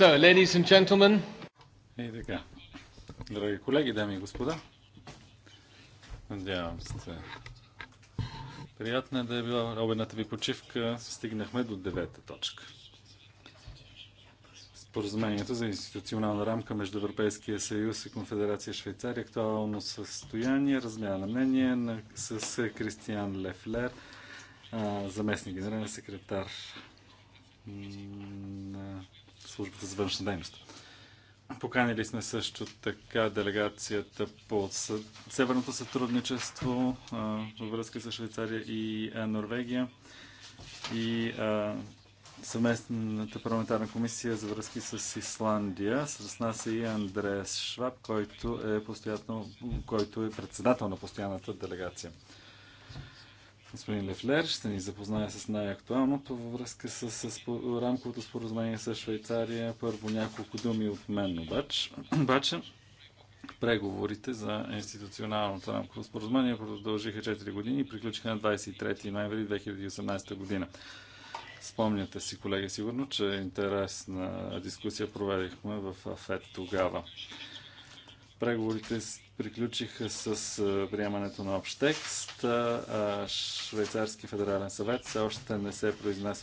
So, ladies and gentlemen. И така. Драги колеги, дами и господа. Надявам се. Приятна е да е била обедната ви почивка. Стигнахме до девета точка. Споразумението за институционална рамка между Европейския съюз и Конфедерация Швейцария. Актуално състояние, размяна на мнение на, с Кристиан Лефлер, заместник генерален секретар на службата за външна дейност. Поканили сме също така делегацията по северното сътрудничество във връзка с Швейцария и Норвегия и съвместната парламентарна комисия за връзки с Исландия. С нас е и Андреас Шваб, който е, който е председател на постоянната делегация. Господин Лефлер ще ни запознае с най-актуалното във връзка с, с, с рамковото споразумение с Швейцария. Първо няколко думи от мен обаче. обаче преговорите за институционалното рамково споразумение продължиха 4 години и приключиха на 23 ноември 2018 година. Спомняте си, колеги, сигурно, че интересна дискусия проведихме в АФЕД тогава. Преговорите приключиха с приемането на общ текст. Швейцарски федерален съвет все още не се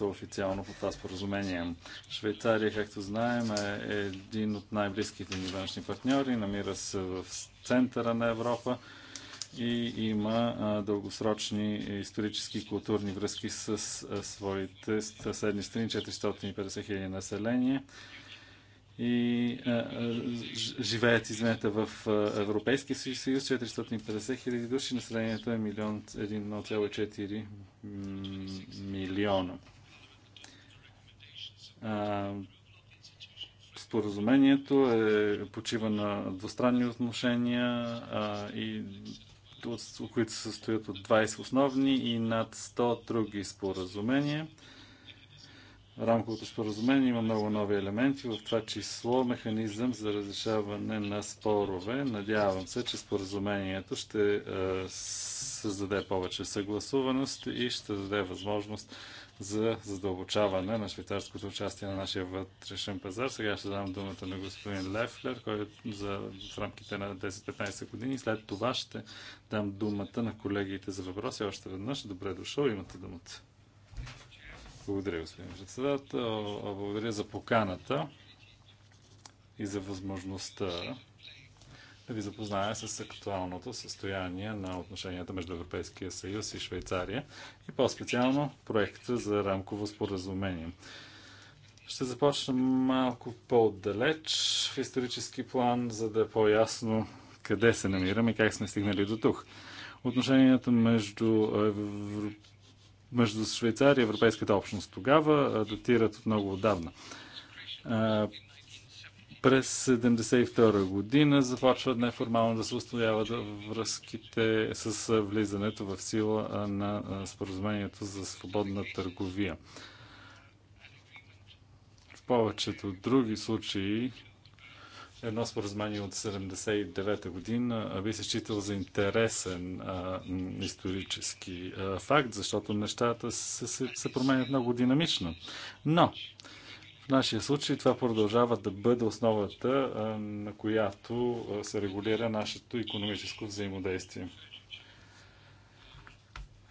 е официално по това споразумение. Швейцария, както знаем, е един от най-близките ни външни партньори, намира се в центъра на Европа и има дългосрочни исторически и културни връзки с своите съседни страни, 450 хиляди население и а, живеят, извинете, в Европейския съюз 450 хиляди души, населението е 1,4 милиона. А, споразумението е, почива на двустранни отношения а, и от, които се състоят от 20 основни и над 100 други споразумения рамковото споразумение има много нови елементи, в това число механизъм за разрешаване на спорове. Надявам се, че споразумението ще е, създаде повече съгласуваност и ще даде възможност за задълбочаване на швейцарското участие на нашия вътрешен пазар. Сега ще дам думата на господин Лефлер, който за, в рамките на 10-15 години. След това ще дам думата на колегите за въпроси. Още веднъж добре дошъл, имате думата. Благодаря, господин председател. Благодаря за поканата и за възможността да ви запозная с актуалното състояние на отношенията между Европейския съюз и Швейцария и по-специално проекта за рамково споразумение. Ще започна малко по-отдалеч в исторически план, за да е по-ясно къде се намираме и как сме стигнали до тук. Отношенията между Европейския между Швейцария и Европейската общност. Тогава датират от много отдавна. През 1972 година започват неформално да се установяват връзките с влизането в сила на споразумението за свободна търговия. В повечето други случаи едно споразумение от 79-та година би се считал за интересен а, исторически а, факт, защото нещата се, се, се променят много динамично. Но в нашия случай това продължава да бъде основата, а, на която се регулира нашето економическо взаимодействие.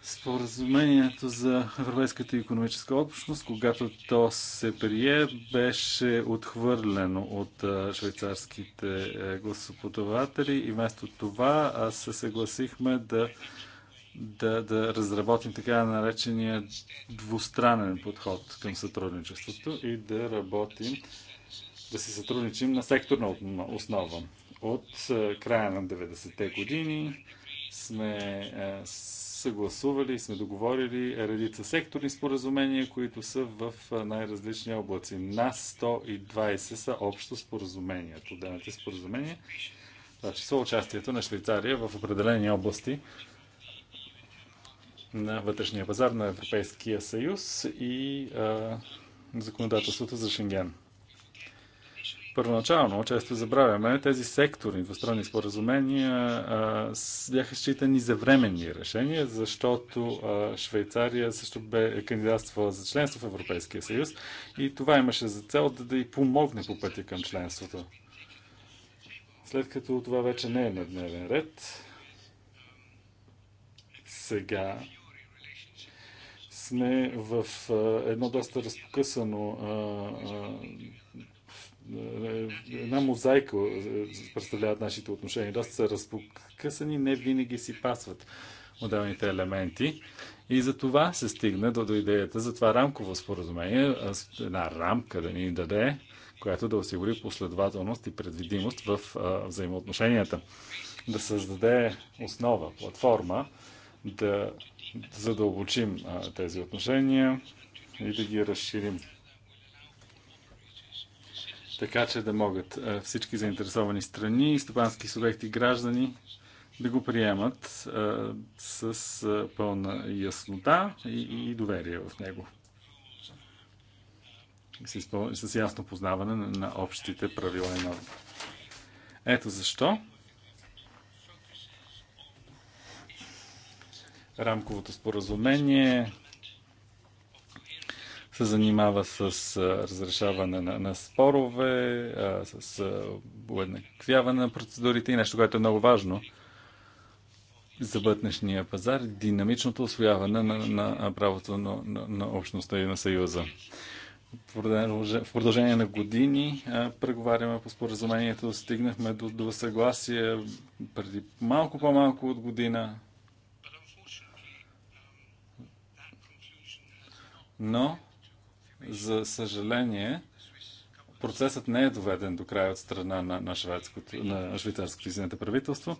Споразумението за Европейската економическа общност, когато то се прие, беше отхвърлено от швейцарските е, гласоподаватели и вместо това се съгласихме да, да, да разработим така наречения двустранен подход към сътрудничеството и да работим, да се сътрудничим на секторна основа. От е, края на 90-те години сме е, съгласували и сме договорили редица секторни споразумения, които са в най-различни облаци. На 120 са общо споразуменията, отделните споразумения. Това число участието на Швейцария в определени области на вътрешния пазар на Европейския съюз и а, законодателството за Шенген. Първоначално, често забравяме, тези секторни двустранни споразумения а, бяха считани за временни решения, защото а, Швейцария също бе е кандидатствала за членство в Европейския съюз и това имаше за цел да, да й помогне по пътя към членството. След като това вече не е на дневен ред, сега сме в а, едно доста разпокъсано една мозайка е, представляват нашите отношения. Доста са разпокъсани, не винаги си пасват отделните елементи. И за това се стигна до, до идеята за това рамково споразумение, една рамка да ни даде, която да осигури последователност и предвидимост в а, взаимоотношенията. Да създаде основа, платформа, да задълбочим а, тези отношения и да ги разширим така че да могат всички заинтересовани страни, стопански субекти, граждани да го приемат с пълна яснота и, доверие в него. С, ясно познаване на, на общите правила и норми. Ето защо рамковото споразумение се занимава с разрешаване на, на спорове, с уеднаквяване на процедурите и нещо, което е много важно за вътрешния пазар, динамичното освояване на, на правото на, на, на общността и на Съюза. В продължение на години а, преговаряме по споразумението, стигнахме до, до съгласие преди малко по-малко от година. Но за съжаление, процесът не е доведен до края от страна на, на, шведското, на швейцарското извинете, правителство.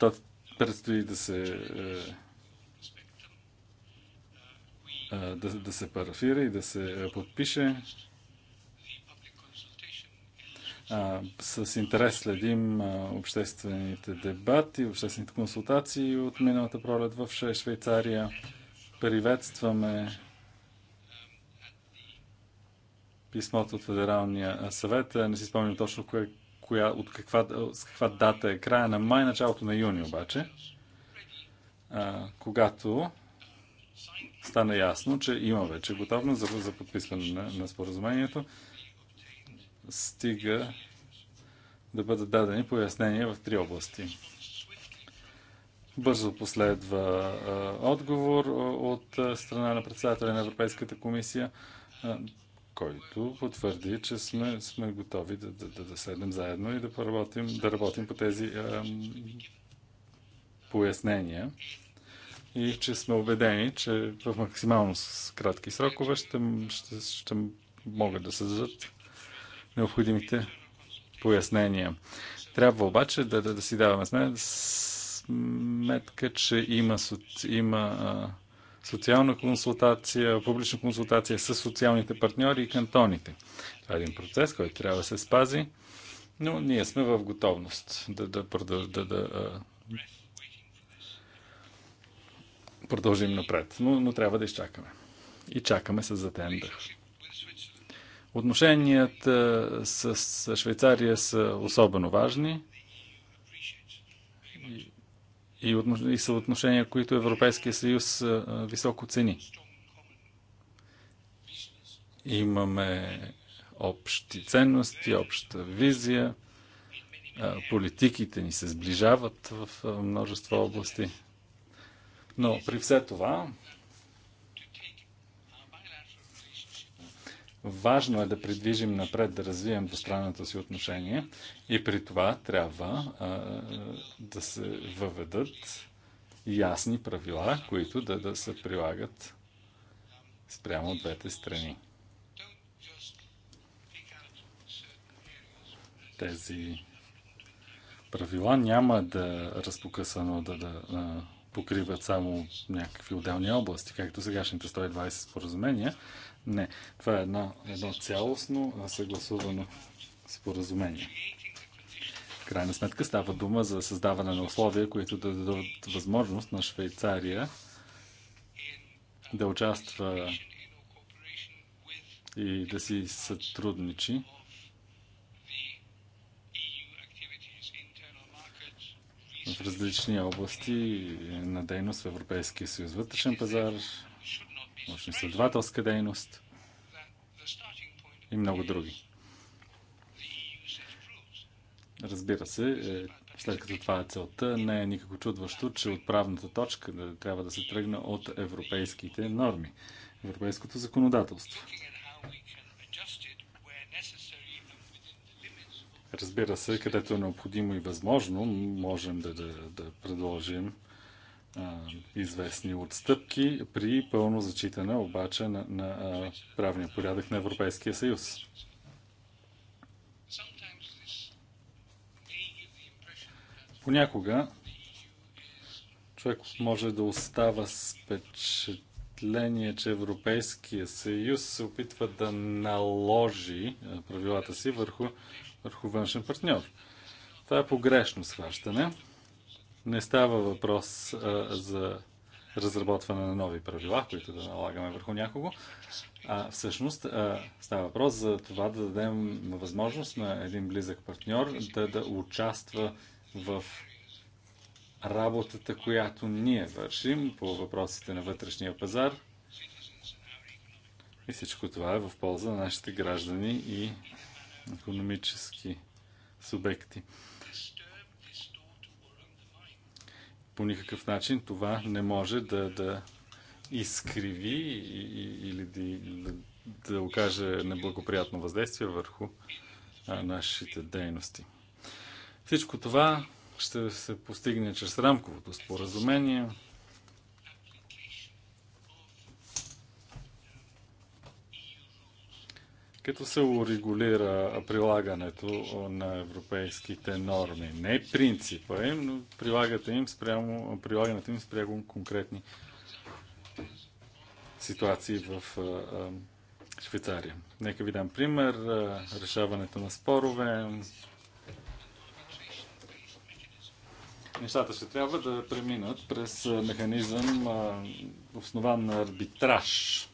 то предстои да се е, е, да, да се парафира и да се е, подпише а, с интерес следим а, обществените дебати, обществените консултации от миналата пролет в Швейцария. Приветстваме писмото от Федералния съвет. Не си спомням точно кое, коя, от каква, с каква дата е края на май, началото на юни обаче, а, когато стана ясно, че има вече готовност за, за подписване на, на споразумението стига да бъдат дадени пояснения в три области. Бързо последва отговор от страна на председателя на Европейската комисия, който потвърди, че сме, сме готови да, да, да, да седнем заедно и да, поработим, да работим по тези ам, пояснения и че сме убедени, че в максимално кратки срокове ще, ще, ще могат да създадат необходимите пояснения. Трябва обаче да, да, да си даваме сметка, че има, има а, социална консултация, публична консултация с социалните партньори и кантоните. Това е един процес, който трябва да се спази, но ние сме в готовност да, да, да, да, да продължим напред. Но, но трябва да изчакаме. И чакаме с затен дъх. Отношенията с Швейцария са особено важни и, са отношения, които Европейския съюз високо цени. Имаме общи ценности, обща визия, политиките ни се сближават в множество области. Но при все това, Важно е да придвижим напред, да развием двустранното си отношение и при това трябва а, да се въведат ясни правила, които да, да се прилагат спрямо двете страни. Тези правила няма да разпокъсано да, да покриват само някакви отделни области, както сегашните 120 споразумения, не, това е едно, едно цялостно съгласувано споразумение. В крайна сметка става дума за създаване на условия, които да дадат възможност на Швейцария да участва и да си сътрудничи в различни области на дейност в Европейския съюз. Вътрешен пазар, научно-изследователска дейност и много други. Разбира се, е, след като това е целта, не е никакво чудващо, че отправната точка да трябва да се тръгне от европейските норми, европейското законодателство. Разбира се, където е необходимо и възможно, можем да, да, да предложим известни отстъпки при пълно зачитане обаче на, на правния порядък на Европейския съюз. Понякога човек може да остава с впечатление, че Европейския съюз се опитва да наложи правилата си върху, върху външен партньор. Това е погрешно схващане. Не става въпрос а, за разработване на нови правила, които да налагаме върху някого. А всъщност а, става въпрос за това да дадем възможност на един близък партньор да, да участва в работата, която ние вършим по въпросите на вътрешния пазар. И всичко това е в полза на нашите граждани и економически субекти. по никакъв начин това не може да, да изкриви или да, да окаже неблагоприятно въздействие върху а, нашите дейности. Всичко това ще се постигне чрез рамковото споразумение. като се урегулира прилагането на европейските норми. Не принципа им, но прилагането им спрямо, прилагането им спрямо конкретни ситуации в Швейцария. Нека ви дам пример. Решаването на спорове. Нещата ще трябва да преминат през механизъм, основан на арбитраж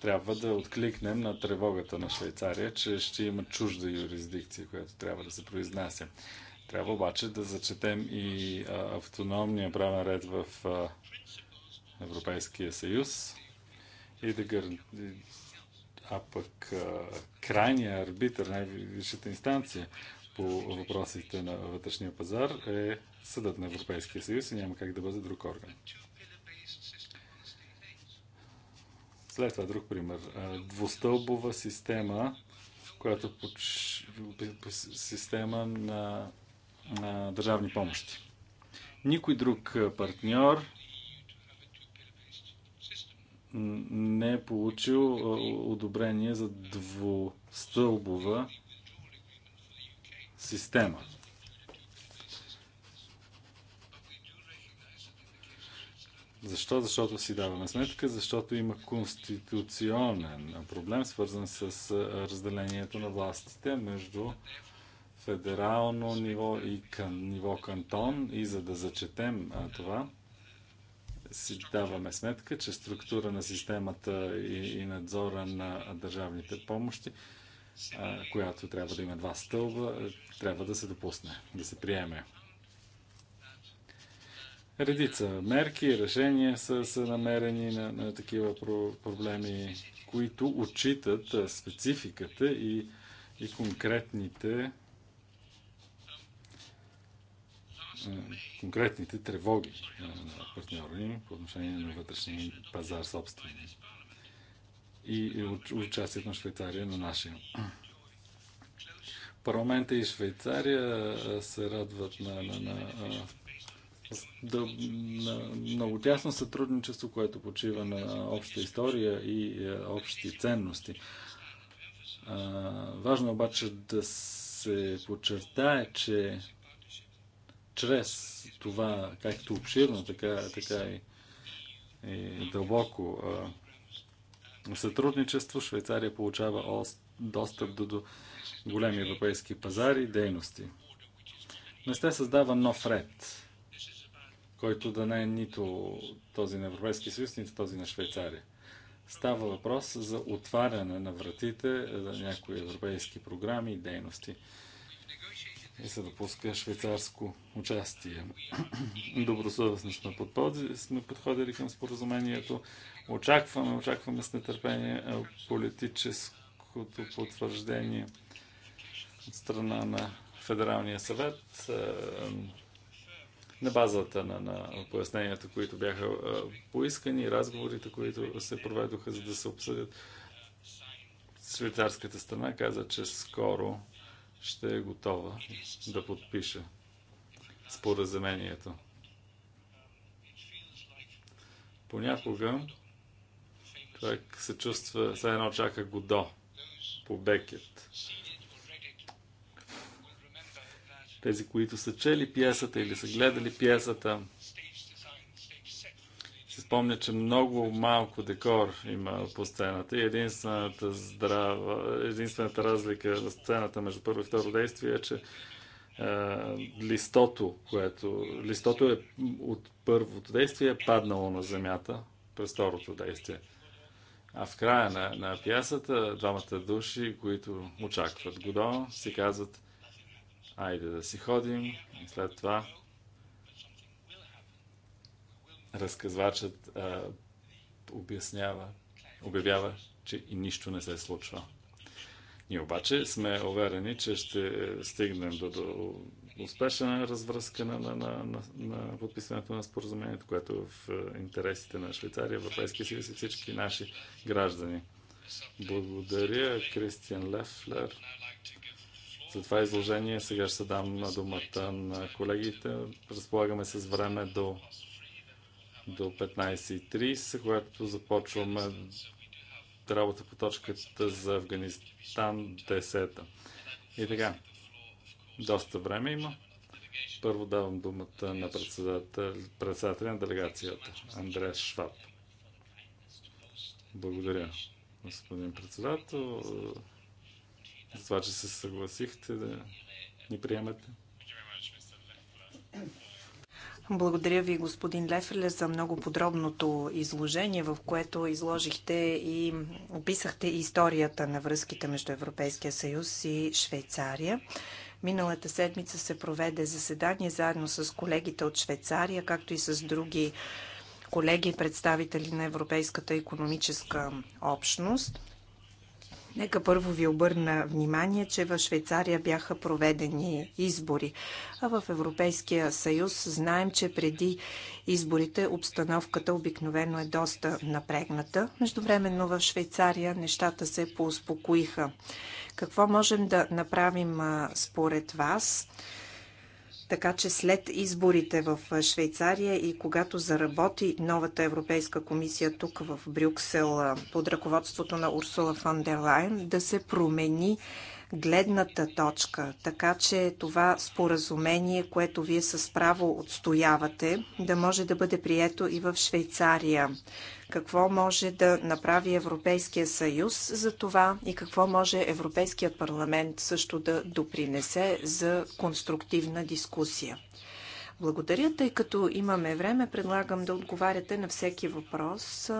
трябва да откликнем на тревогата на Швейцария, че ще има чужда юрисдикция, която трябва да се произнася. Трябва обаче да зачетем и а, автономния правен ред в а, Европейския съюз и да гар... А пък а, крайния арбитър, най-висшата инстанция по въпросите на вътрешния пазар е Съдът на Европейския съюз и няма как да бъде друг орган. След това друг пример. Двустълбова система, която по, система на, на държавни помощи. Никой друг партньор не е получил одобрение за двустълбова система. Защо? Защото си даваме сметка, защото има конституционен проблем, свързан с разделението на властите между федерално ниво и кан, ниво кантон. И за да зачетем това, си даваме сметка, че структура на системата и, и надзора на държавните помощи, която трябва да има два стълба, трябва да се допусне, да се приеме. Редица мерки, решения са, са намерени на, на такива про- проблеми, които отчитат спецификата и, и конкретните конкретните тревоги на партньора ни по отношение на вътрешния пазар собствени и участието на Швейцария на нашия. Парламента и Швейцария се радват на, на, на да, на много тясно сътрудничество, което почива на обща история и е, общи ценности. А, важно е обаче да се подчертае, че чрез това, както обширно, така, така и, и дълбоко а, сътрудничество, Швейцария получава ост, достъп до, до големи европейски пазари и дейности. Не сте създава нов ред който да не е нито този на Европейски съюз, нито този на Швейцария. Става въпрос за отваряне на вратите за някои европейски програми и дейности и се допуска швейцарско участие. Добросъвестно сме, подходи, сме подходили към споразумението. Очакваме, очакваме с нетърпение политическото потвърждение от страна на Федералния съвет. На базата на, на поясненията, които бяха поискани, разговорите, които се проведоха, за да се обсъдят, швейцарската страна каза, че скоро ще е готова да подпише споразумението. Понякога човек се чувства, все едно чака Годо по Бекет. Тези, които са чели пиесата или са гледали пиесата, си спомня, че много малко декор има по сцената и единствената, здрава, единствената разлика на сцената между първо и второ действие е, че листото, което листото е от първото действие е паднало на земята през второто действие. А в края на, на пясата двамата души, които очакват Годо, си казват Айде да си ходим и след това разказвачът а, обяснява, обявява, че и нищо не се случва. Ние обаче сме уверени, че ще стигнем до, до успешна развръзка на, на, на, на, подписването на споразумението, което е в интересите на Швейцария, Европейския съюз и всички наши граждани. Благодаря, Кристиан Лефлер за това изложение. Сега ще дам на думата на колегите. Разполагаме с време до, до 15.30, когато започваме работа по точката за Афганистан 10. И така, доста време има. Първо давам думата на председател, председателя на делегацията, Андреас Шваб. Благодаря, господин председател за това, че се съгласихте да ни приемете. Благодаря ви, господин Лефеле, за много подробното изложение, в което изложихте и описахте историята на връзките между Европейския съюз и Швейцария. Миналата седмица се проведе заседание заедно с колегите от Швейцария, както и с други колеги представители на Европейската економическа общност. Нека първо ви обърна внимание, че в Швейцария бяха проведени избори, а в Европейския съюз знаем, че преди изборите обстановката обикновено е доста напрегната. Междувременно в Швейцария нещата се поуспокоиха. Какво можем да направим според вас? Така че след изборите в Швейцария и когато заработи новата Европейска комисия тук в Брюксел под ръководството на Урсула фон дер Лайен, да се промени гледната точка, така че това споразумение, което вие с право отстоявате, да може да бъде прието и в Швейцария. Какво може да направи Европейския съюз за това и какво може Европейският парламент също да допринесе за конструктивна дискусия? Благодаря, тъй като имаме време, предлагам да отговаряте на всеки въпрос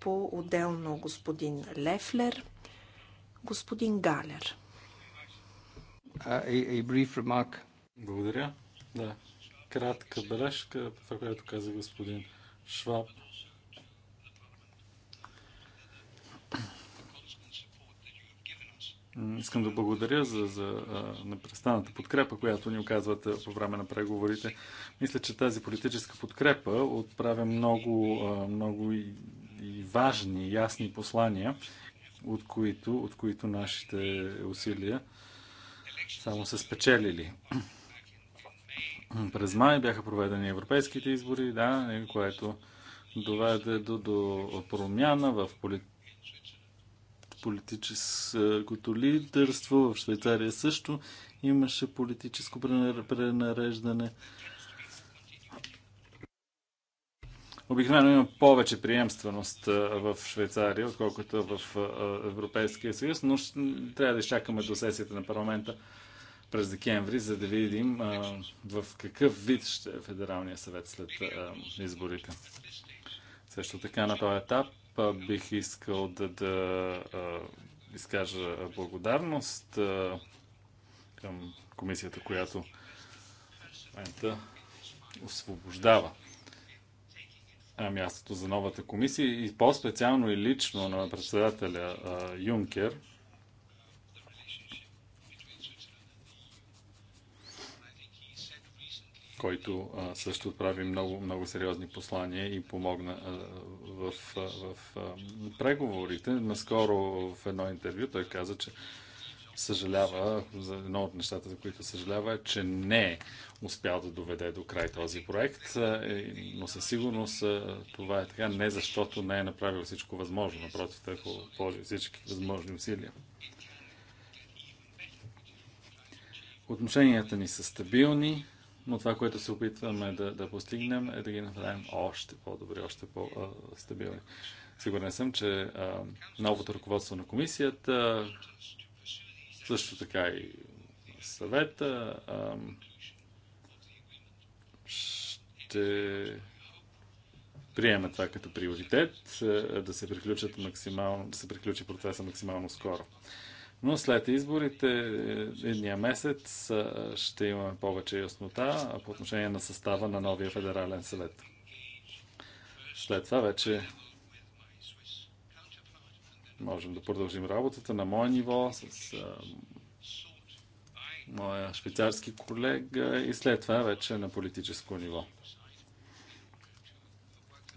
по-отделно господин Лефлер. Господин Галер. Благодаря. Да. Кратка бележка, това, което каза господин Шваб. Искам да благодаря за, за непрестаната подкрепа, която ни оказвате по време на преговорите. Мисля, че тази политическа подкрепа отправя много, много и, и важни, ясни послания от които, от които нашите усилия само са спечелили. През май бяха проведени европейските избори, да, което доведе до, до промяна в полит... политическото лидерство. В Швейцария също имаше политическо пренареждане. Обикновено има повече приемственост в Швейцария, отколкото в Европейския съюз, но трябва да изчакаме до сесията на парламента през декември, за да видим в какъв вид ще е Федералния съвет след изборите. Също така на този етап бих искал да, да изкажа благодарност към комисията, която освобождава мястото за новата комисия и по-специално и лично на председателя Юнкер. който а, също отправи много, много сериозни послания и помогна а, в, а, в а, преговорите. Наскоро в едно интервю той каза, че съжалява, за едно от нещата, за които съжалява, е, че не е успял да доведе до край този проект, е, но със сигурност е, това е така не защото не е направил всичко възможно, напротив, той е положил всички възможни усилия. Отношенията ни са стабилни, но това, което се опитваме да, да постигнем, е да ги направим още по-добри, още по-стабилни. Сигурен съм, че а, новото ръководство на комисията също така и съвета. ще приеме това като приоритет, да се, приключат максимално, да се приключи процеса максимално скоро. Но след изборите, е, едния месец, ще имаме повече яснота по отношение на състава на новия федерален съвет. След това вече можем да продължим работата на мое ниво с а, моя швейцарски колега и след това вече на политическо ниво.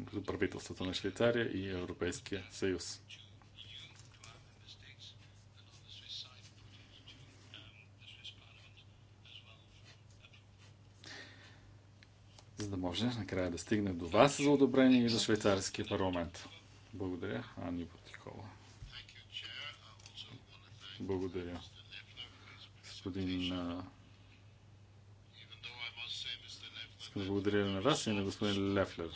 Като правителството на Швейцария и Европейския съюз. за да може накрая да стигне до вас за одобрение и за швейцарския парламент. Благодаря, Ани Бутикова. Благодаря. Господин Искам да благодаря на вас и на господин Лефлер.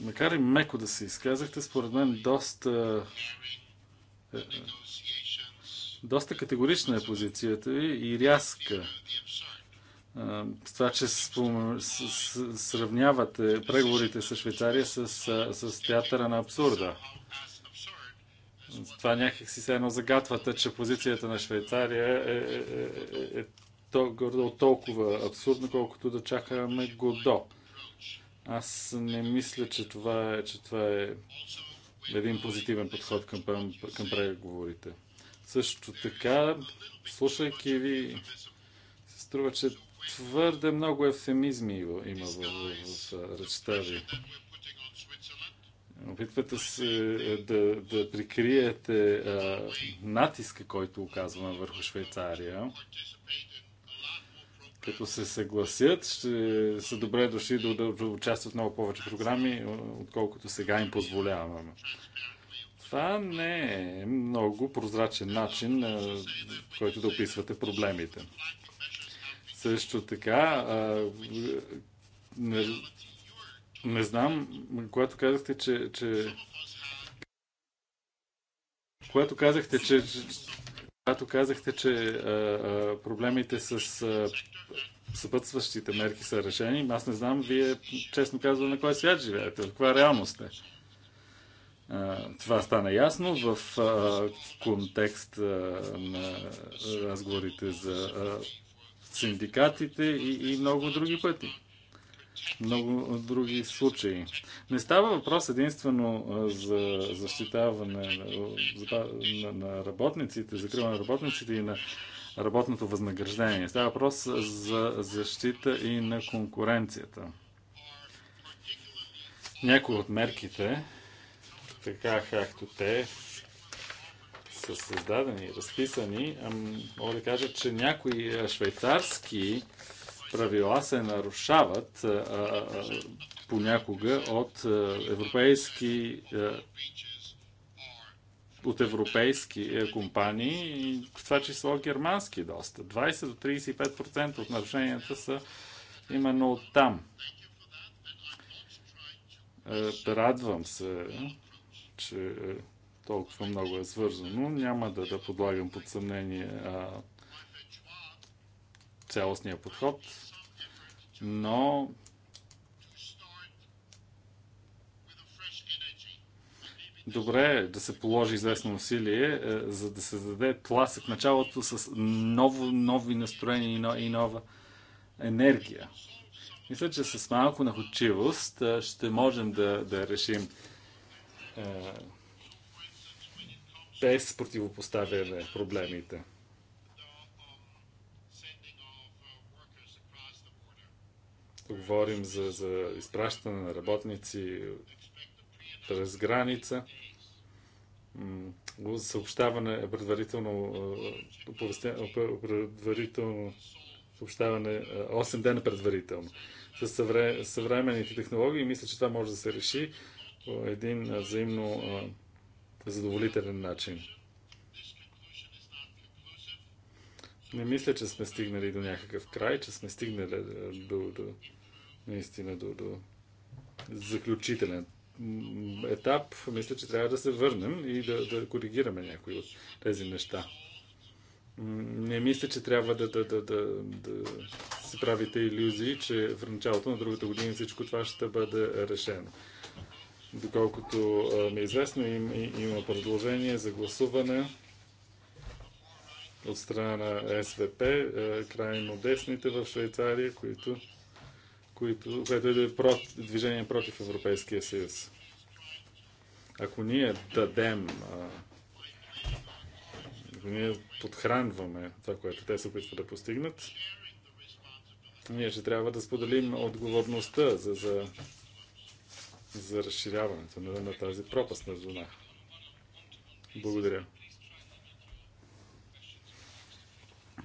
Макар и меко да се изказахте, според мен доста доста категорична е позицията ви и рязка с това, че сравнявате преговорите с Швейцария с, с театъра на абсурда. Това някак си се едно загатвате, че позицията на Швейцария е, е, е, е толкова абсурдна, колкото да чакаме Годо. Аз не мисля, че това е, че това е един позитивен подход към, към преговорите. Също така, слушайки ви, се струва, че Твърде много ефемизми има в, в, в речта ви. Опитвате се е, да, да прикриете а, натиска, който оказваме върху Швейцария. Като се съгласят, ще са добре дошли да, да, да участват много повече програми, е, отколкото сега им позволяваме. Това не е много прозрачен начин, а, е, който да описвате проблемите. Също така, а, не, не знам, когато казахте, че, че когато казахте, че, когато казахте, че а, а, проблемите с а, съпътстващите мерки са решени, аз не знам, вие честно казвам на кой свят живеете, в каква реалност е. Това стана ясно в контекст на разговорите за синдикатите и, и много други пъти. Много други случаи. Не става въпрос единствено за защитаване на, на, на работниците, закрива на работниците и на работното възнаграждение. Става въпрос за защита и на конкуренцията. Някои от мерките, така както те са създадени, разписани, мога да кажа, че някои е, швейцарски правила се нарушават понякога от е, европейски е, от европейски компании и в това число германски доста. 20 до 35% от нарушенията са именно от там. Радвам се, че толкова много е свързано. Няма да, да подлагам под съмнение а, цялостния подход, но добре е да се положи известно усилие, а, е, за да се даде тласък началото с ново, нови настроения и, но, и нова енергия. Мисля, че с малко находчивост е, ще можем да, да решим е, без противопоставяне проблемите. Говорим за, за изпращане на работници през граница съобщаване, е предварително, е, предварително съобщаване 8 е, дена предварително. С съвременните технологии мисля, че това може да се реши един взаимно задоволителен начин. Не мисля, че сме стигнали до някакъв край, че сме стигнали е, до, до наистина до, до заключителен етап. Мисля, че трябва да се върнем и да, да коригираме някои от тези неща. Не мисля, че трябва да, да, да, да, да си правите иллюзии, че в началото на другата година всичко това ще бъде решено. Доколкото ми е известно, им, има предложение за гласуване от страна на СВП, крайно десните в Швейцария, които, които, което е прот, движение против Европейския съюз. Ако ние дадем ако ние подхранваме това, което те се опитват да постигнат, ние ще трябва да споделим отговорността за, за за разширяването на, на тази пропаст на зона. Благодаря.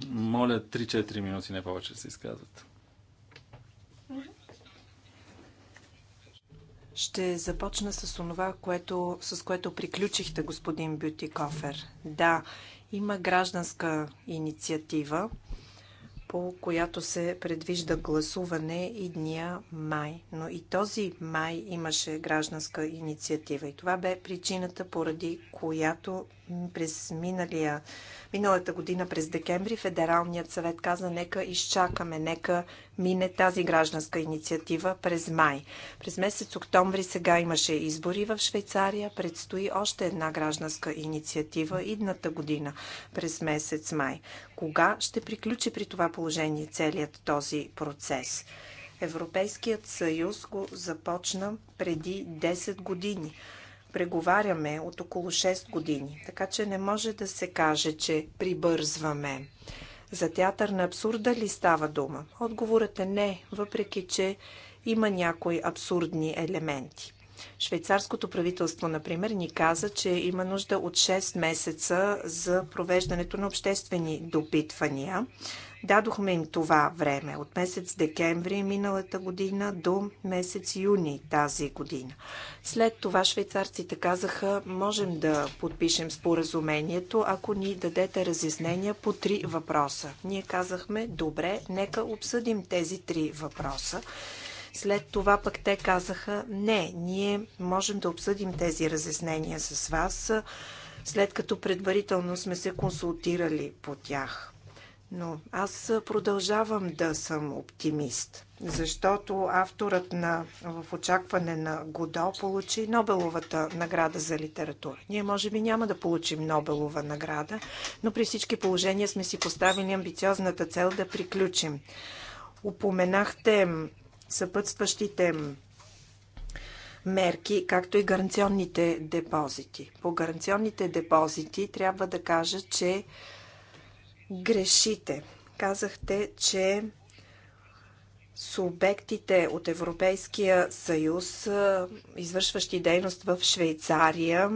Моля, 3-4 минути, не повече да се изказват. Ще започна с онова, което, с което приключихте, господин Бютикофер. Да, има гражданска инициатива по която се предвижда гласуване и дния май. Но и този май имаше гражданска инициатива и това бе причината, поради която през миналия, миналата година, през декември, Федералният съвет каза, нека изчакаме, нека мине тази гражданска инициатива през май. През месец октомври сега имаше избори в Швейцария, предстои още една гражданска инициатива идната година, през месец май. Кога ще приключи при това положение целият този процес? Европейският съюз го започна преди 10 години преговаряме от около 6 години, така че не може да се каже, че прибързваме. За театър на абсурда ли става дума? Отговорът е не, въпреки че има някои абсурдни елементи. Швейцарското правителство, например, ни каза, че има нужда от 6 месеца за провеждането на обществени допитвания. Дадохме им това време от месец декември миналата година до месец юни тази година. След това швейцарците казаха, можем да подпишем споразумението, ако ни дадете разяснения по три въпроса. Ние казахме, добре, нека обсъдим тези три въпроса. След това пък те казаха, не, ние можем да обсъдим тези разяснения с вас, след като предварително сме се консултирали по тях. Но аз продължавам да съм оптимист, защото авторът на В очакване на Годо получи Нобеловата награда за литература. Ние може би няма да получим Нобелова награда, но при всички положения сме си поставили амбициозната цел да приключим. Упоменахте съпътстващите мерки, както и гаранционните депозити. По гаранционните депозити трябва да кажа, че грешите. Казахте, че субектите от Европейския съюз, извършващи дейност в Швейцария,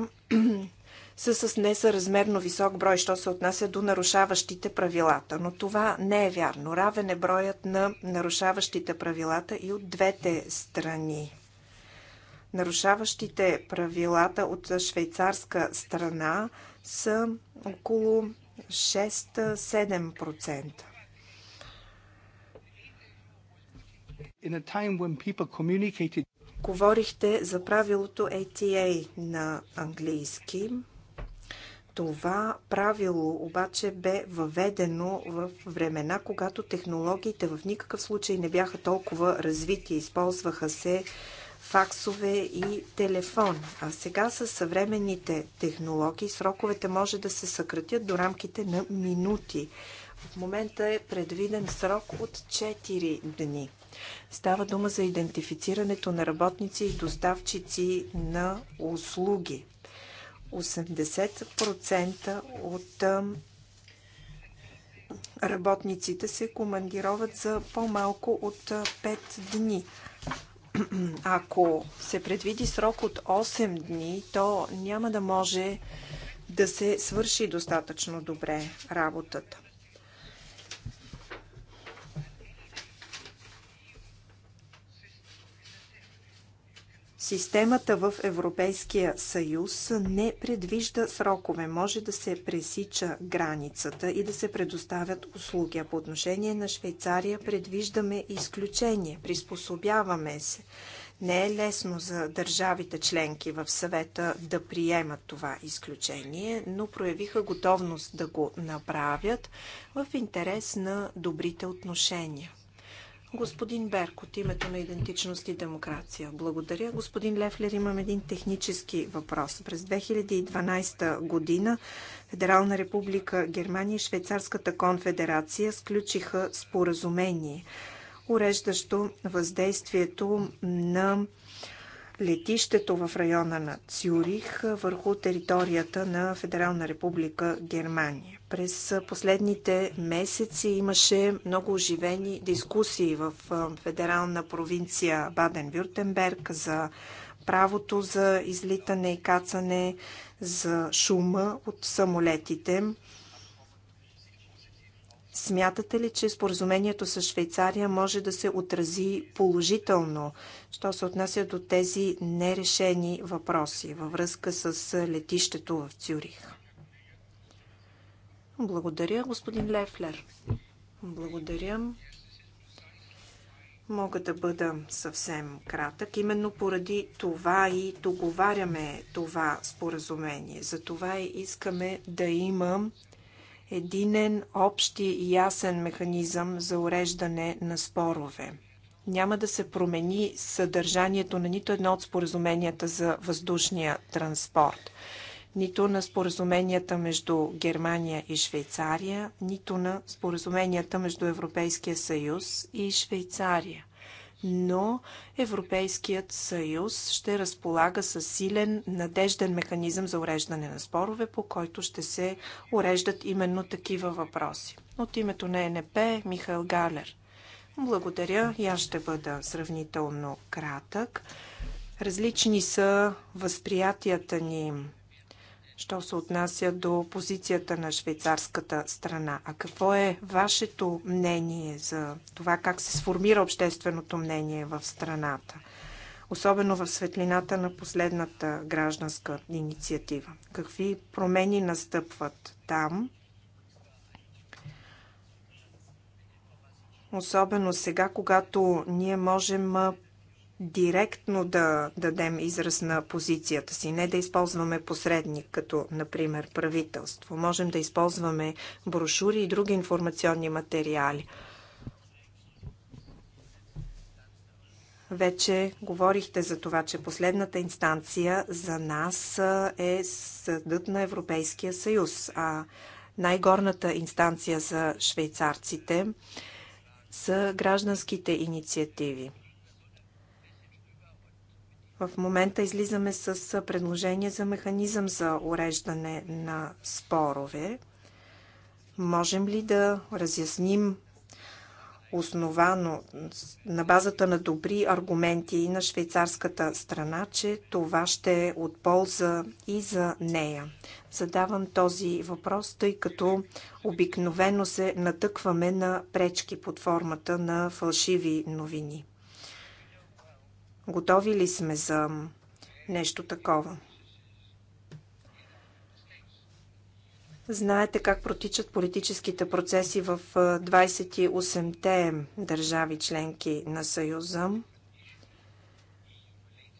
са с несъразмерно висок брой, що се отнася до нарушаващите правилата. Но това не е вярно. Равен е броят на нарушаващите правилата и от двете страни. Нарушаващите правилата от швейцарска страна са около 6-7%. Говорихте за правилото ATA на английски. Това правило обаче бе въведено в времена, когато технологиите в никакъв случай не бяха толкова развити. Използваха се факсове и телефон. А сега с съвременните технологии сроковете може да се съкратят до рамките на минути. В момента е предвиден срок от 4 дни. Става дума за идентифицирането на работници и доставчици на услуги. 80% от работниците се командироват за по-малко от 5 дни. Ако се предвиди срок от 8 дни, то няма да може да се свърши достатъчно добре работата. Системата в Европейския съюз не предвижда срокове. Може да се пресича границата и да се предоставят услуги. А по отношение на Швейцария предвиждаме изключение. Приспособяваме се. Не е лесно за държавите членки в съвета да приемат това изключение, но проявиха готовност да го направят в интерес на добрите отношения. Господин Берк от името на Идентичност и демокрация. Благодаря. Господин Лефлер, имам един технически въпрос. През 2012 година Федерална република Германия и Швейцарската конфедерация сключиха споразумение, уреждащо въздействието на летището в района на Цюрих върху територията на Федерална република Германия. През последните месеци имаше много оживени дискусии в федерална провинция Баден-Вюртенберг за правото за излитане и кацане, за шума от самолетите. Смятате ли, че споразумението с Швейцария може да се отрази положително, що се отнася до тези нерешени въпроси във връзка с летището в Цюрих? Благодаря, господин Лефлер. Благодаря. Мога да бъда съвсем кратък. Именно поради това и договаряме това споразумение. Затова и искаме да има единен, общ и ясен механизъм за уреждане на спорове. Няма да се промени съдържанието на нито едно от споразуменията за въздушния транспорт, нито на споразуменията между Германия и Швейцария, нито на споразуменията между Европейския съюз и Швейцария но Европейският съюз ще разполага с силен, надежден механизъм за уреждане на спорове, по който ще се уреждат именно такива въпроси. От името на ЕНП Михаил Галер. Благодаря и аз ще бъда сравнително кратък. Различни са възприятията ни що се отнася до позицията на швейцарската страна. А какво е вашето мнение за това как се сформира общественото мнение в страната? Особено в светлината на последната гражданска инициатива. Какви промени настъпват там? Особено сега, когато ние можем директно да дадем израз на позицията си, не да използваме посредник, като, например, правителство. Можем да използваме брошури и други информационни материали. Вече говорихте за това, че последната инстанция за нас е съдът на Европейския съюз, а най-горната инстанция за швейцарците са гражданските инициативи. В момента излизаме с предложение за механизъм за уреждане на спорове. Можем ли да разясним основано на базата на добри аргументи и на швейцарската страна, че това ще е от полза и за нея. Задавам този въпрос, тъй като обикновено се натъкваме на пречки под формата на фалшиви новини. Готови ли сме за нещо такова? Знаете как протичат политическите процеси в 28-те държави членки на Съюза.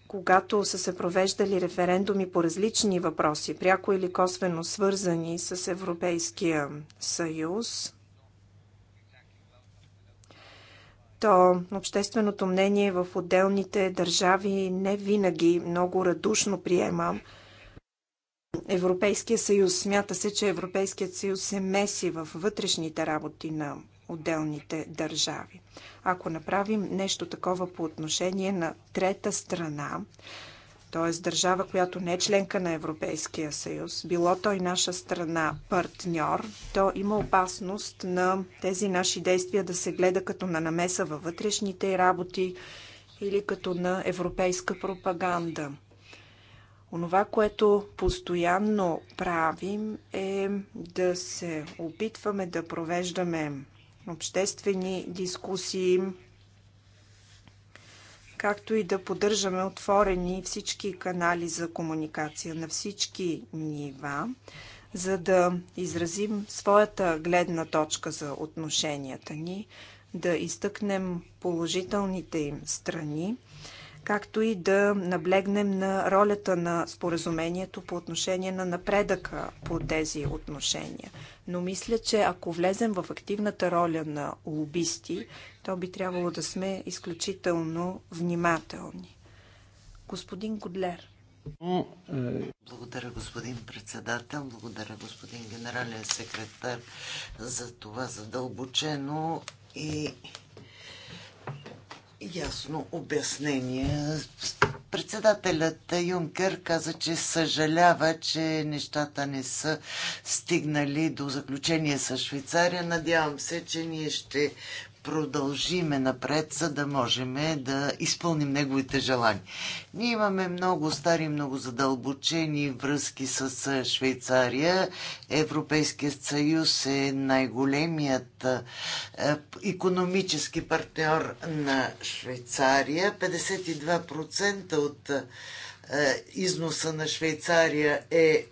Когато са се провеждали референдуми по различни въпроси, пряко или косвено свързани с Европейския съюз, то общественото мнение в отделните държави не винаги много радушно приема Европейския съюз. Смята се, че Европейският съюз се меси в вътрешните работи на отделните държави. Ако направим нещо такова по отношение на трета страна, т.е. държава, която не е членка на Европейския съюз, било той наша страна партньор, то има опасност на тези наши действия да се гледа като на намеса във вътрешните работи или като на европейска пропаганда. Онова, което постоянно правим е да се опитваме да провеждаме обществени дискусии, както и да поддържаме отворени всички канали за комуникация на всички нива, за да изразим своята гледна точка за отношенията ни, да изтъкнем положителните им страни, както и да наблегнем на ролята на споразумението по отношение на напредъка по тези отношения. Но мисля, че ако влезем в активната роля на лобисти, то би трябвало да сме изключително внимателни. Господин Годлер. Благодаря, господин председател. Благодаря, господин генерален секретар, за това задълбочено и ясно обяснение. Председателят Юнкер каза, че съжалява, че нещата не са стигнали до заключение с Швейцария. Надявам се, че ние ще продължиме напред, за да можем да изпълним неговите желания. Ние имаме много стари, много задълбочени връзки с Швейцария. Европейският съюз е най-големият економически партньор на Швейцария. 52% от е, износа на Швейцария е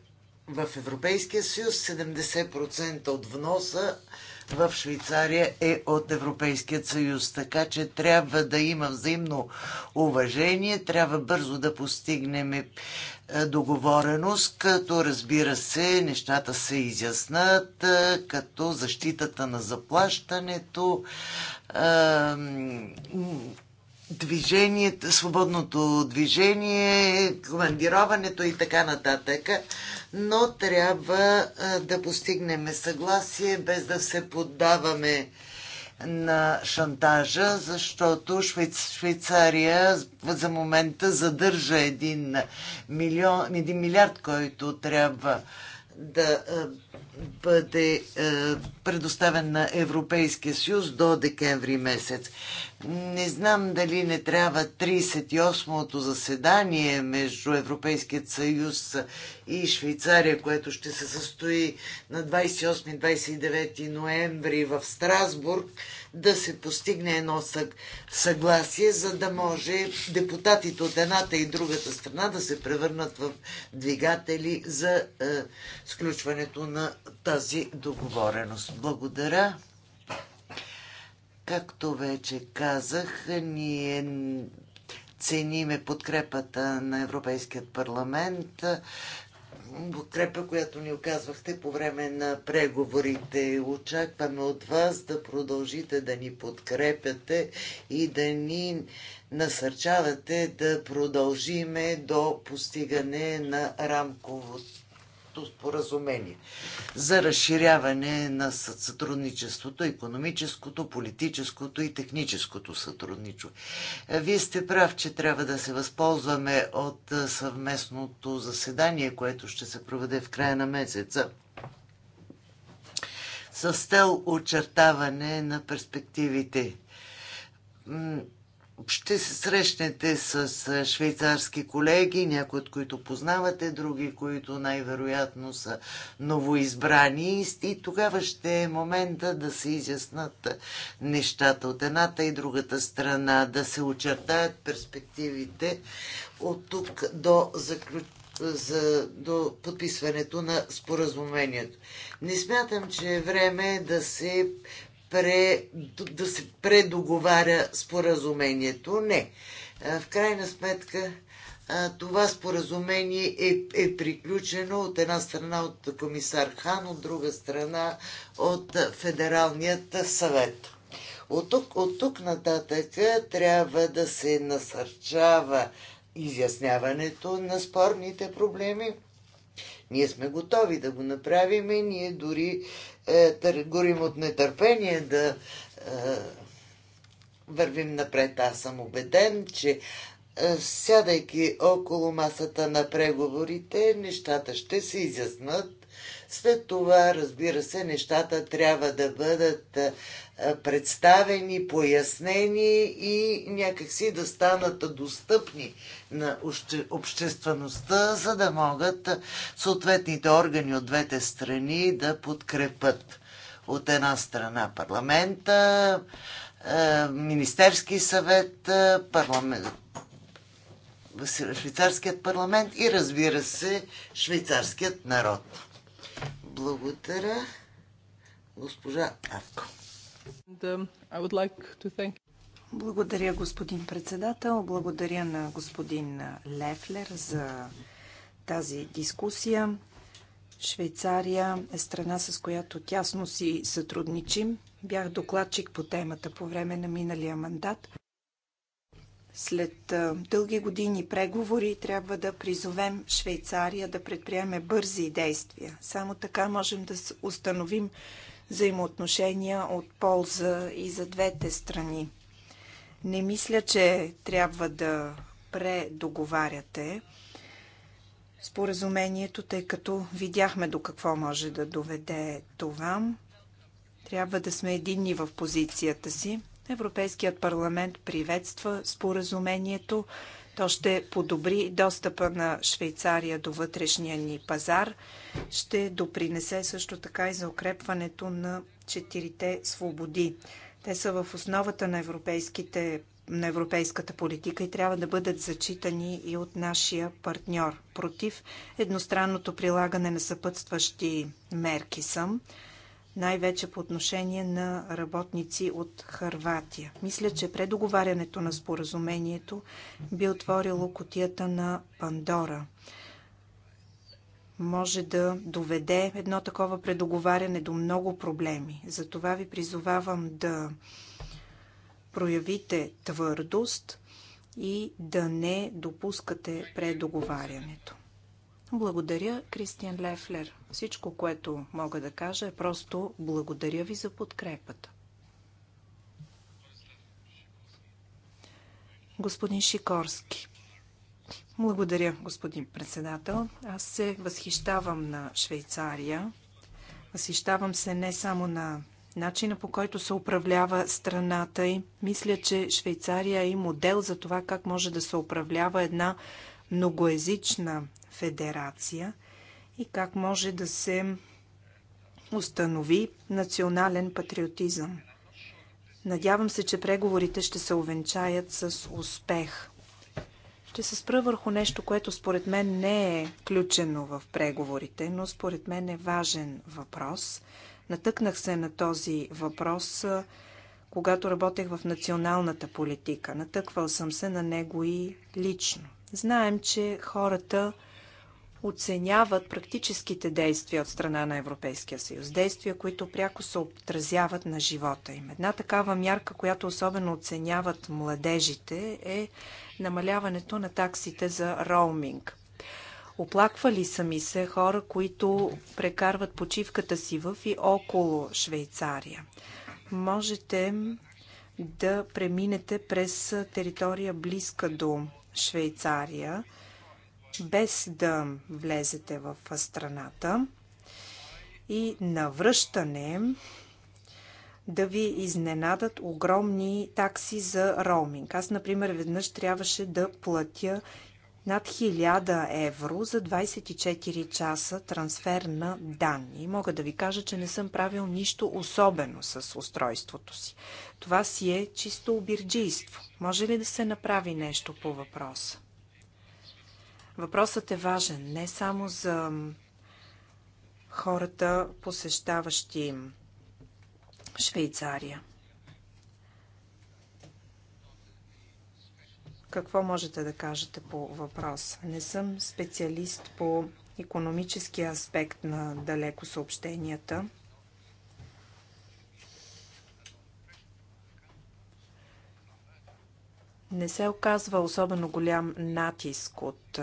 в Европейския съюз, 70% от вноса в Швейцария е от Европейският съюз. Така че трябва да има взаимно уважение, трябва бързо да постигнем е, договореност, като разбира се, нещата се изяснат, е, като защитата на заплащането, е, движението, свободното движение, командироването и така нататък, но трябва да постигнем съгласие без да се поддаваме на шантажа, защото Швейц, Швейцария за момента задържа един, милион, един милиард, който трябва да бъде е, предоставен на Европейския съюз до декември месец. Не знам дали не трябва 38-то заседание между Европейският съюз и Швейцария, което ще се състои на 28-29 ноември в Страсбург, да се постигне едно съгласие, за да може депутатите от едната и другата страна да се превърнат в двигатели за е, сключването на тази договореност. Благодаря. Както вече казах, ние цениме подкрепата на Европейският парламент подкрепа, която ни оказвахте по време на преговорите. Очакваме от вас да продължите да ни подкрепяте и да ни насърчавате да продължиме до постигане на рамковото споразумение за разширяване на сътрудничеството, економическото, политическото и техническото сътрудничество. Е, вие сте прав, че трябва да се възползваме от е, съвместното заседание, което ще се проведе в края на месеца с цел очертаване на перспективите ще се срещнете с швейцарски колеги, някои от които познавате, други, които най-вероятно са новоизбрани. И тогава ще е момента да се изяснат нещата от едната и другата страна, да се очертаят перспективите от тук до заключението за, до подписването на споразумението. Не смятам, че е време да се пре, да се предоговаря споразумението. Не. В крайна сметка това споразумение е, е приключено от една страна от комисар Хан, от друга страна от Федералният съвет. От тук, от тук нататък трябва да се насърчава изясняването на спорните проблеми. Ние сме готови да го направим. Ние дори е, горим от нетърпение да е, вървим напред. Аз съм убеден, че е, сядайки около масата на преговорите, нещата ще се изяснат. След това, разбира се, нещата трябва да бъдат е, е, представени, пояснени и някакси да станат достъпни на обществеността, за да могат съответните органи от двете страни да подкрепят от една страна парламента, е, Министерски съвет, е, парламент, швейцарският парламент и разбира се швейцарският народ. Благодаря, госпожа Авко. Um, Благодаря, господин председател. Благодаря на господин Лефлер за тази дискусия. Швейцария е страна, с която тясно си сътрудничим. Бях докладчик по темата по време на миналия мандат. След дълги години преговори трябва да призовем Швейцария да предприеме бързи действия. Само така можем да установим взаимоотношения от полза и за двете страни. Не мисля, че трябва да предоговаряте споразумението, тъй като видяхме до какво може да доведе това. Трябва да сме единни в позицията си. Европейският парламент приветства споразумението. То ще подобри достъпа на Швейцария до вътрешния ни пазар. Ще допринесе също така и за укрепването на четирите свободи. Те са в основата на, европейските, на европейската политика и трябва да бъдат зачитани и от нашия партньор. Против едностранното прилагане на съпътстващи мерки съм най-вече по отношение на работници от Харватия. Мисля, че предоговарянето на споразумението би отворило котията на Пандора. Може да доведе едно такова предоговаряне до много проблеми. Затова ви призовавам да проявите твърдост и да не допускате предоговарянето. Благодаря, Кристиан Лефлер. Всичко, което мога да кажа е просто благодаря ви за подкрепата. Господин Шикорски. Благодаря, господин председател. Аз се възхищавам на Швейцария. Възхищавам се не само на начина по който се управлява страната и мисля, че Швейцария е и модел за това как може да се управлява една многоезична федерация и как може да се установи национален патриотизъм. Надявам се, че преговорите ще се увенчаят с успех. Ще се спра върху нещо, което според мен не е включено в преговорите, но според мен е важен въпрос. Натъкнах се на този въпрос, когато работех в националната политика. Натъквал съм се на него и лично. Знаем, че хората оценяват практическите действия от страна на Европейския съюз. Действия, които пряко се отразяват на живота им. Една такава мярка, която особено оценяват младежите, е намаляването на таксите за роуминг. Оплаквали са ми се хора, които прекарват почивката си в и около Швейцария. Можете да преминете през територия близка до Швейцария, без да влезете в страната и навръщане да ви изненадат огромни такси за роуминг. Аз, например, веднъж трябваше да платя над 1000 евро за 24 часа трансфер на данни. мога да ви кажа, че не съм правил нищо особено с устройството си. Това си е чисто обирджийство. Може ли да се направи нещо по въпроса? Въпросът е важен не само за хората, посещаващи Швейцария. Какво можете да кажете по въпрос? Не съм специалист по економическия аспект на далеко съобщенията. Не се оказва особено голям натиск от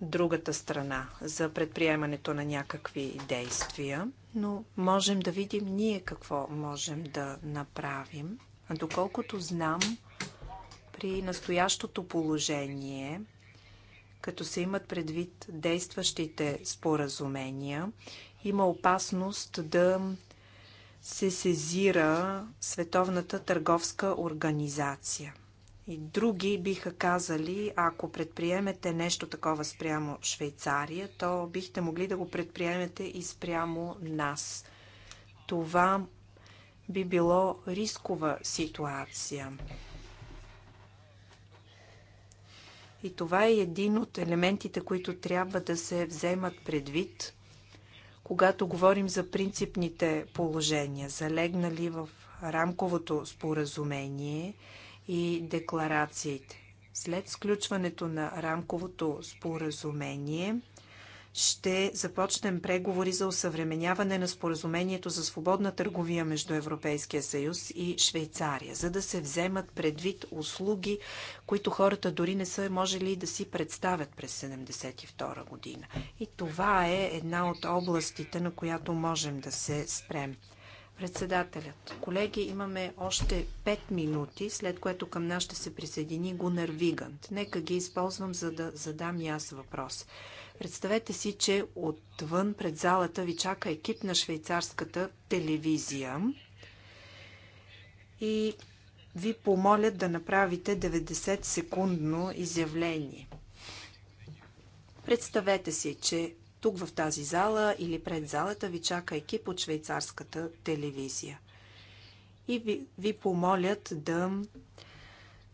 другата страна за предприемането на някакви действия, но можем да видим ние какво можем да направим. Доколкото знам, при настоящото положение, като се имат предвид действащите споразумения, има опасност да се сезира Световната търговска организация. И други биха казали, ако предприемете нещо такова спрямо Швейцария, то бихте могли да го предприемете и спрямо нас. Това би било рискова ситуация. И това е един от елементите, които трябва да се вземат предвид, когато говорим за принципните положения, залегнали в рамковото споразумение и декларациите. След сключването на рамковото споразумение, ще започнем преговори за усъвременяване на споразумението за свободна търговия между Европейския съюз и Швейцария, за да се вземат предвид услуги, които хората дори не са можели да си представят през 1972 година. И това е една от областите, на която можем да се спрем председателят. Колеги, имаме още 5 минути, след което към нас ще се присъедини Гунар Вигант. Нека ги използвам, за да задам и аз въпрос. Представете си, че отвън пред залата ви чака екип на швейцарската телевизия и ви помолят да направите 90-секундно изявление. Представете си, че тук в тази зала или пред залата ви чака екип от швейцарската телевизия и ви, ви помолят да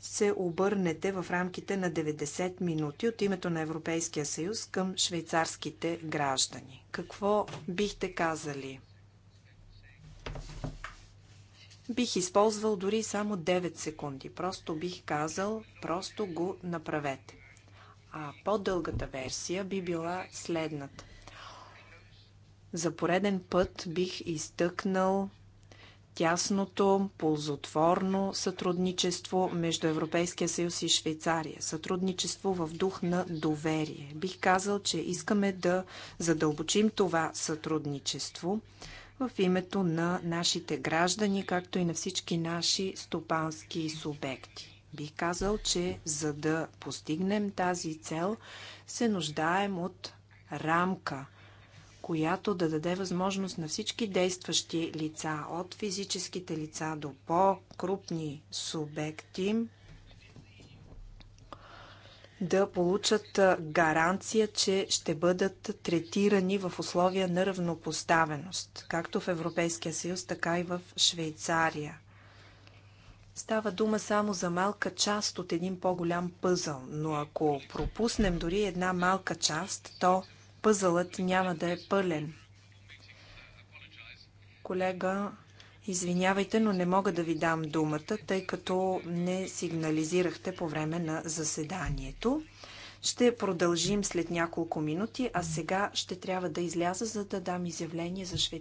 се обърнете в рамките на 90 минути от името на Европейския съюз към швейцарските граждани. Какво бихте казали? Бих използвал дори само 9 секунди. Просто бих казал, просто го направете. А по-дългата версия би била следната. За пореден път бих изтъкнал тясното, ползотворно сътрудничество между Европейския съюз и Швейцария. Сътрудничество в дух на доверие. Бих казал, че искаме да задълбочим това сътрудничество в името на нашите граждани, както и на всички наши стопански субекти. Бих казал, че за да постигнем тази цел, се нуждаем от рамка – която да даде възможност на всички действащи лица, от физическите лица до по-крупни субекти, да получат гаранция, че ще бъдат третирани в условия на равнопоставеност, както в Европейския съюз, така и в Швейцария. Става дума само за малка част от един по-голям пъзъл, но ако пропуснем дори една малка част, то пъзълът няма да е пълен. Колега, извинявайте, но не мога да ви дам думата, тъй като не сигнализирахте по време на заседанието. Ще продължим след няколко минути, а сега ще трябва да изляза, за да дам изявление за Швейцария.